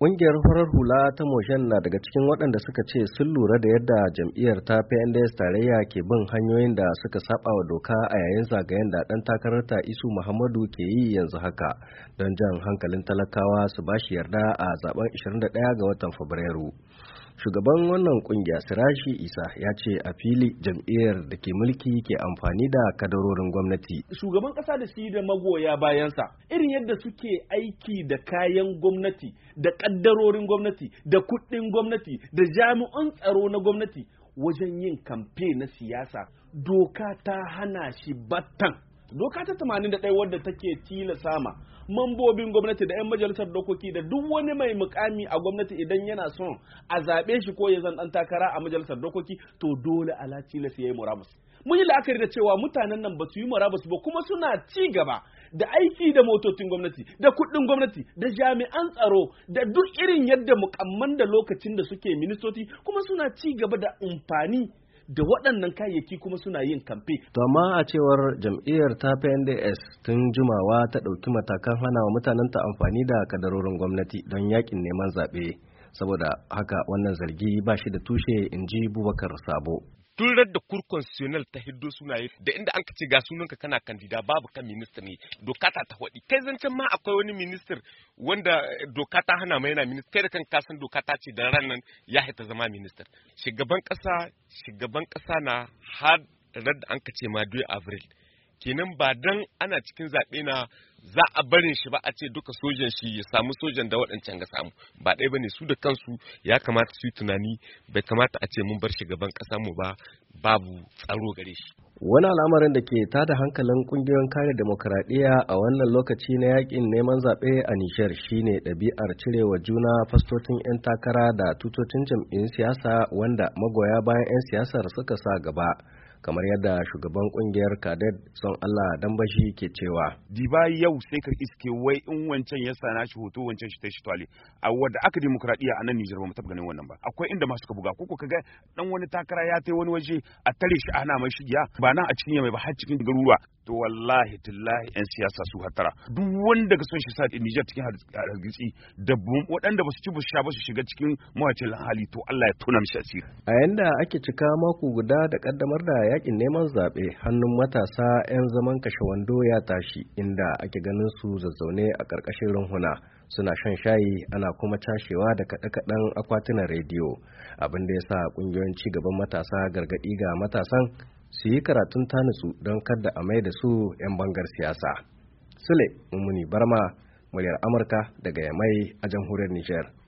Ƙungiyar farar hula ta Moshen na daga cikin waɗanda suka ce sun lura da yadda jam'iyyar ta PNDS tarayya ke bin hanyoyin da suka saba wa doka a yayin zagayen da ɗan takarar ta Isu Muhammadu ke yi yanzu haka don jan hankalin talakawa su bashi yarda a zaben 21 ga watan Fabrairu. shugaban wannan kungiya sirashi isa ya ce a fili jam'iyyar da ke mulki ke amfani da kadarorin gwamnati shugaban kasa da shi da magoya bayansa irin yadda suke aiki da kayan gwamnati da kaddarorin gwamnati da kuɗin gwamnati da jami'an tsaro na gwamnati wajen yin kamfe na siyasa doka ta hana shi battan doka ta tamanin 81 wadda take tilasa ma mambobin gwamnati da 'yan majalisar dokoki da duk wani mai mukami a gwamnati idan yana son a zaɓe shi ko ya zan ɗan takara a majalisar dokoki to dole ala tilas ya yi murabus mun yi la'akari da cewa mutanen nan ba su yi murabus ba kuma suna ci gaba da aiki da motocin gwamnati da kuɗin gwamnati da jami'an tsaro da duk irin yadda mukamman da lokacin da suke ministoci kuma suna ci gaba da amfani da waɗannan kayayyaki kuma suna yin kamfe. To amma a cewar jam'iyyar ta PNDS tun jimawa ta ɗauki matakan hana wa mutanen ta amfani da kadarorin gwamnati don yakin neman zaɓe. Saboda haka wannan zargi ba shi da tushe in ji Bubakar Sabo. tun da kur ta hiddo sunaye da inda an ce ga sunanka kana kandida babu kan minister ne doka ta faɗi kai zancen ma akwai wani minister wanda eh, doka ta hana mai yana minister kai da kan kasan doka ta ce da ran nan ya haita zama minister shugaban kasa shugaban kasa na har da an ce ma 2 april kenan ba dan ana cikin zaɓe na za a barin shi ba a ce duka sojan shi ya samu sojan da waɗancan ga samu ba ɗaya bane su da kansu ya kamata su yi tunani bai kamata a ce mun bar shugaban ƙasa mu ba babu tsaro gare shi wani al'amarin da ke tada hankalin kungiyoyin kare demokradiyya a wannan lokaci na yakin neman zaɓe a nishar shine ɗabi'ar cirewa juna fastocin 'yan takara da tutocin jam'in siyasa wanda magoya bayan 'yan siyasar suka sa gaba kamar yadda shugaban kungiyar kadet son Allah dan bashi ke cewa diba yau sai ka iske wai in wancan ya sana shi hoto wancan shi ta shi twale a wadda aka demokradiya a nan Nijar ba mu taba ganin wannan ba akwai inda masu ka buga koko kaga dan wani takara ya tai wani waje a tare shi ana mai shigiya ba nan a cikin yamai ba har cikin garuruwa to wallahi tillahi yan siyasa su hatara duk wanda ka son shi sa Niger cikin hargitsi da waɗanda ba su ci ba su sha ba su shiga cikin mawacin hali to Allah ya tona mishi asiri a yanda ake cika mako guda da kaddamar da yakin neman zaɓe hannun matasa yan zaman kashe wando ya tashi inda ake ganin su zazzaune a ƙarƙashin runhuna suna shan shayi ana kuma cashewa da kaɗe-kaɗen akwatunan rediyo abin da ya sa ƙungiyoyin ci gaban matasa gargaɗi ga matasan su yi karatun tanisu don kada a mai da su 'yan bangar siyasa sule mummuni barma muryar amurka daga yamai a jamhuriyar Nijar.